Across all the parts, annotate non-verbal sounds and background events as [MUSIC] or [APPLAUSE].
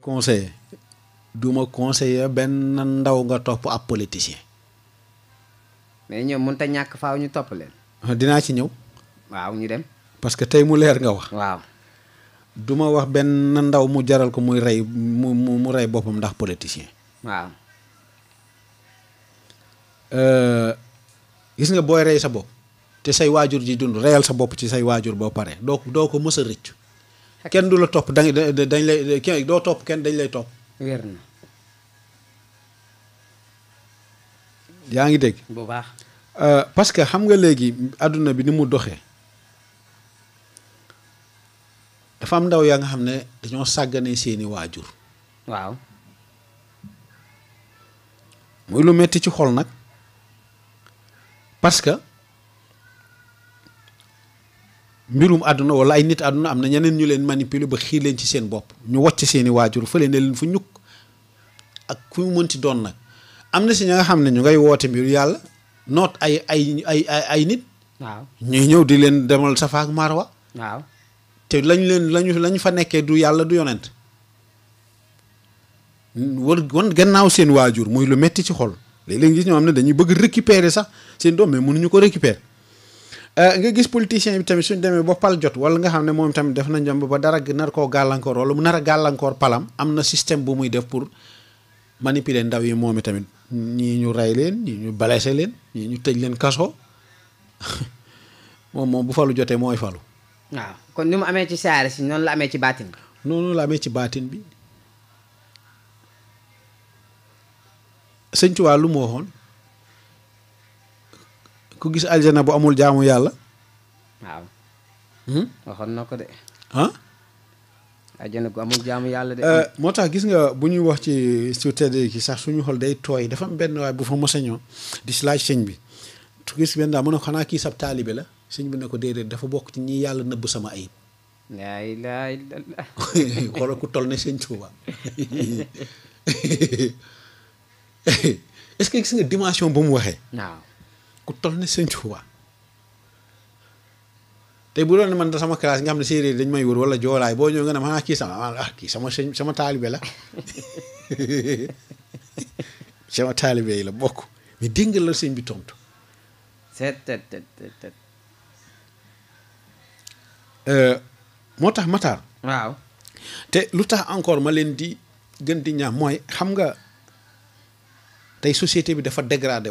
conseiller duma conseiller ya, ben ndaw nga top ap politicien mais ñoom ta ñak faaw ñu top leen ah, dinaa ci ñew waaw ñu dem parce que tay mu leer nga wax waaw duma wax ben ndaw mu jaral ko muy ray mu mu, ray bopam ndax politicien waaw euh, gis nga boy ray sa bop te say wajur ji dund reyal sa bop ci say wajur bo pare Dok doo ko mës kenn du la topp dañ dañ lay doo topp kenn dañ lay topp. wér na. yaa ngi dégg. bu baax. Euh, parce que xam nga léegi àdduna bi ni mu doxee dafa am ndaw yaa nga xam ne dañoo sàggane seeni waajur. waaw. muy lu metti ci xol nag parce que. mbirum àdduna wala ay nit àdduna am na ñeneen ñu leen manipuler ba xii leen ci seen bopp ñu wocc seen i waajur fële ne leen fu ñukk ak ku mënti doon nag am na si ña nga xam ne ñu ngay woote mbiru yàlla noot ay ay ay ay nit. waaw ñuy ñëw di leen demal Safa ak wa te lañ leen lañu fa nekkee du yàlla du yonent war wan gannaaw seen waajur muy lu metti ci xol léeg-léeg gis ñoo xam ne dañuy bëgg récupérer sax seen doom mais mënuñu ko récupérer. Eh, nga gis politicien bi tamit suñ demee ba pal jot wala nga xam ne moom tamit def na njomb ba dara nar koo gàllankoor wala mu nar a gàllankoor palam am na système bu muy def pour manipuler ndaw yi moom tamit ñii ñu rey leen ñii ñu blessé leen ñii ñu tëj leen kaso [LAUGHS] moom moom bu falu jotee mooy falu. waaw kon ni mu amee ci saare si noonu la amee ci baatin bi. noonu la amee ci baatin bi sëñ Tuubaa lu mu waxoon ku gis aljana bu amul jaamu yàlla. waaw. Hmm? waxoon na ko de. ah. bu amul jaamu yàlla de. Eh, moo tax gis nga bu ñuy wax ci su tedd ki sax suñu xol day tooy dafa am benn waay bu fa mos a di si sëñ bi tu gis benn daa mu ne ko xanaa kii sab taalibe la sëñ bi ne ko déedéet dafa bokk ci ñi yàlla nëbb sama ay laa ilaaha illallaah. [LAUGHS] xoolal ku toll ne sëñ Tuuba [LAUGHS] [LAUGHS] est gis nga dimension bu mu waxee. ku toll ni sëñ Tuubaa tey bu doon man sama classe nga xam ne séeréer dañ may wër wala joolaay boo ñëw nga ne ma ah, kii sama ah kii sama sëñ sama taalibe la [LAUGHS] sama taalibe yi la bokk mais dégg la sëñ bi tontu. Euh, moo tax Matar. waaw te lu tax encore ma leen di gën di ñaax mooy xam nga tey société bi dafa dégradé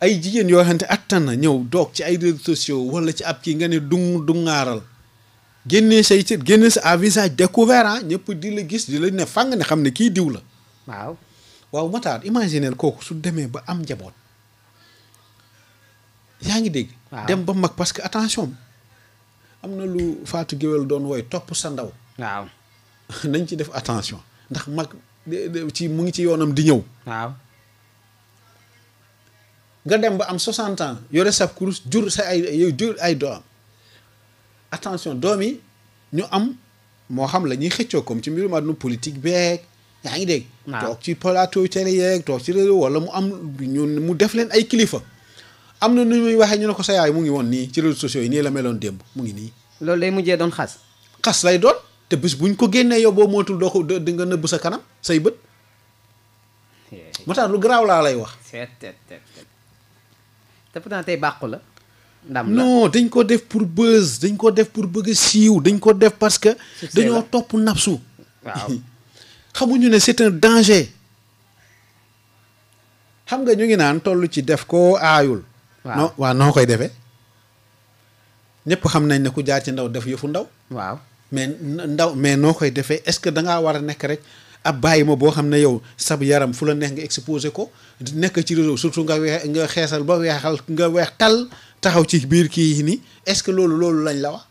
ay jigéen yoo xamante attan na ñëw doog ci ay réseaux sociaux wala ci ab kii nga ne dung dungaaral génnee say cër génne sa à visage découvert ah ñëpp di la gis di la ne fang ne xam ne kii diw la. waaw waaw Matar imaginer kooku su demee ba am njaboot. yaa ngi dégg. dem ba mag parce que attention am na lu Fatou Guewel doon woy topp sa ndaw. waaw [LAUGHS] nañ ci def attention ndax mag ci mu ngi ci yoonam di ñëw. nga dem ba am 60 ans yore sab kurus jur sa ay jur ay doom attention doom yi ñu am moo xam la ñuy xëccoo comme ci mbirum àdduna politique beeg yaa ngi dégg. toog ci plateau télé yeeg toog ci réew wala mu am ñun mu def leen ay kilifa. am na nu muy waxee ñu ne ko sa yaay mu ngi woon nii ci réseaux sociaux yi nii la meloon démb mu ngi nii. loolu lay mujjee doon xas. xas lay doon te bis bu ñu ko génnee yow boo mootul doo ko di nga nëbb sa kanam say bët. moo garaaw laa lay wax. te pourtant tey bàqu la. ndam la dañ koo def pour buzz dañ koo def pour bëgg siiw dañ koo def parce que. dañoo topp napsu. waaw [LAUGHS] xamuñu ne c'est un danger. xam nga ñu ngi naan toll ci def ko aayul. waaw waa waaw noo koy defee. ñëpp xam nañ ne ku jaar ci ndaw def yëfu ndaw. waaw mais ndaw mais noo koy defee est-ce que da ngaa war a nekk rek ab bàyyi ma boo xam ne yow sab yaram fu la neex nga exposé ko nekk ci réseau surtout nga weex nga xeesal ba weexal nga weex tal taxaw ci biir kii nii est-ce que loolu loolu lañ la wax